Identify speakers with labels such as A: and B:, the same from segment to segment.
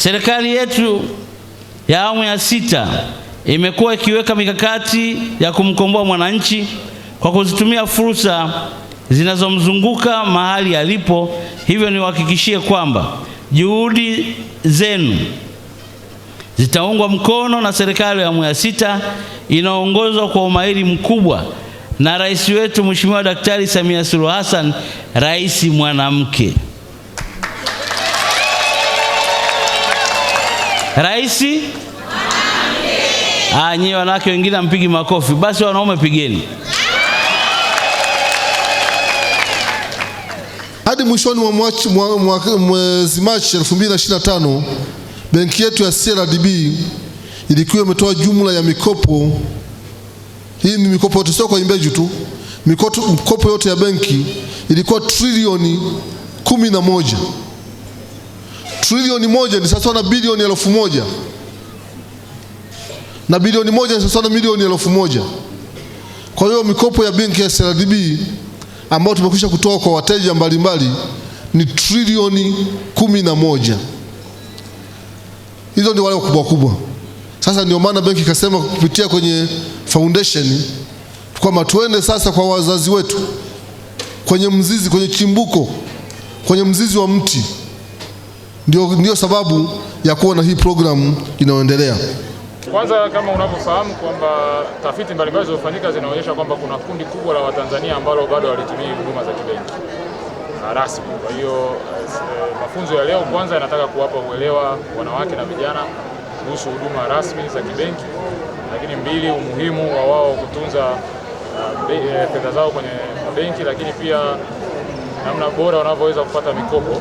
A: Serikali yetu ya awamu ya sita imekuwa ikiweka mikakati ya kumkomboa mwananchi kwa kuzitumia fursa zinazomzunguka mahali alipo. Hivyo niwahakikishie kwamba juhudi zenu zitaungwa mkono na serikali ya awamu ya sita inaongozwa kwa umahiri mkubwa na rais wetu Mheshimiwa Daktari Samia Suluhu Hassan, rais mwanamke. Raisi ah, nyie wanawake wengine ampigi makofi, basi wanaume pigeni
B: hadi mwishoni mwa mwezi Machi 2025 benki yetu ya CRDB ilikuwa imetoa jumla ya mikopo hii ni mikopo yote, sio kwa imbeju tu, mikopo yote ya benki ilikuwa trilioni kumi na moja trilioni moja ni sawa na bilioni elfu moja na bilioni moja ni sawa na milioni elfu moja. Kwa hiyo mikopo ya benki ya CRDB ambayo tumekwisha kutoa kwa wateja mbalimbali ni trilioni kumi na moja. Hizo ndio wale wakubwa kubwa. Sasa ndio maana benki ikasema kupitia kwenye foundation kwamba tuende sasa kwa wazazi wetu kwenye mzizi, kwenye chimbuko, kwenye mzizi wa mti. Ndio, ndio sababu ya kuwa na hii programu inayoendelea.
C: Kwanza, kama unavyofahamu kwamba tafiti mbalimbali zilizofanyika zinaonyesha kwamba kuna kundi kubwa la Watanzania ambalo bado walitumia huduma za kibenki rasmi. Kwa hiyo eh, mafunzo ya leo kwanza yanataka kuwapa uelewa wanawake na vijana kuhusu huduma rasmi za kibenki, lakini mbili, umuhimu wa wao kutunza eh, eh, fedha zao kwenye benki, lakini pia namna bora wanavyoweza kupata mikopo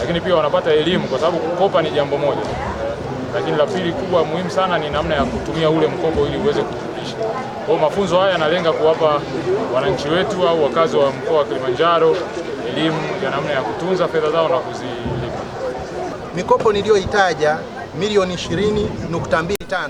C: lakini pia wanapata elimu, kwa sababu kukopa ni jambo moja, lakini la pili kubwa muhimu sana ni namna ya kutumia ule mkopo ili uweze kurudisha. Kwa mafunzo haya yanalenga kuwapa wananchi wetu au wakazi wa mkoa wa Kilimanjaro elimu ya namna ya kutunza fedha zao na kuzilipa.
D: Mikopo niliyoitaja milioni 20.25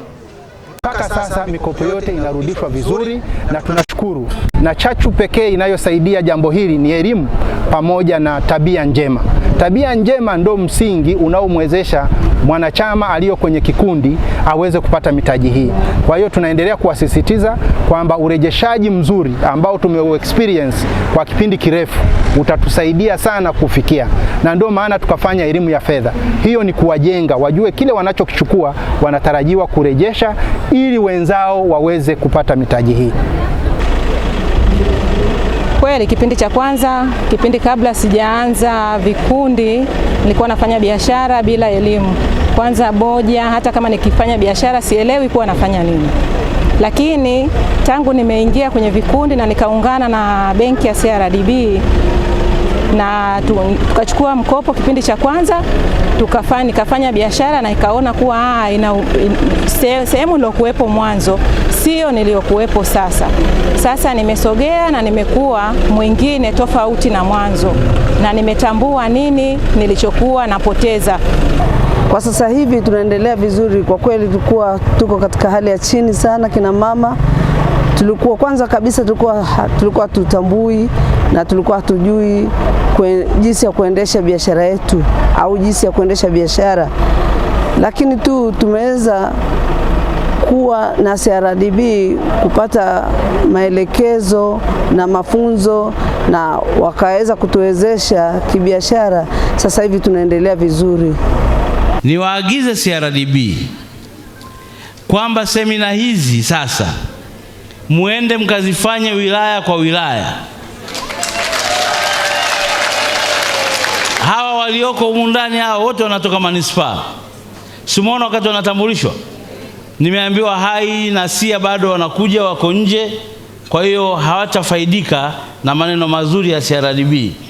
E: mpaka sasa mikopo yote inarudishwa vizuri na tuna kushukuru, na chachu pekee inayosaidia jambo hili ni elimu pamoja na tabia njema. Tabia njema ndo msingi unaomwezesha mwanachama aliyo kwenye kikundi aweze kupata mitaji hii. Kwa hiyo tunaendelea kuwasisitiza kwamba urejeshaji mzuri ambao experience kwa kipindi kirefu utatusaidia sana kufikia, na ndio maana tukafanya elimu ya fedha. Hiyo ni kuwajenga wajue kile wanachokichukua wanatarajiwa kurejesha, ili wenzao waweze kupata mitaji hii.
F: Kweli kipindi cha kwanza, kipindi kabla sijaanza vikundi, nilikuwa nafanya biashara bila elimu kwanza boja. Hata kama nikifanya biashara sielewi kuwa nafanya nini, lakini tangu nimeingia kwenye vikundi na nikaungana na benki ya CRDB na tukachukua mkopo kipindi cha kwanza tukafanya nikafanya biashara na ikaona kuwa ah, ina sehemu iliokuwepo mwanzo sio niliyokuwepo sasa. Sasa nimesogea na nimekuwa mwingine tofauti na mwanzo, na nimetambua nini nilichokuwa napoteza. Kwa sasa hivi tunaendelea vizuri kwa kweli, tulikuwa tuko katika hali ya chini sana kina mama. Tulikuwa kwanza kabisa tulikuwa tulikuwa tutambui na tulikuwa hatujui jinsi ya kuendesha biashara yetu au jinsi ya kuendesha biashara, lakini tu tumeweza kuwa na CRDB kupata maelekezo na mafunzo na wakaweza kutuwezesha kibiashara. Sasa hivi tunaendelea vizuri.
A: Niwaagize CRDB kwamba semina hizi sasa muende mkazifanye wilaya kwa wilaya. Hawa walioko humu ndani hawa wote wanatoka manispaa. Simuona wakati wanatambulishwa nimeambiwa hai na sia bado wanakuja, wako nje, kwa hiyo hawatafaidika na maneno mazuri ya CRDB.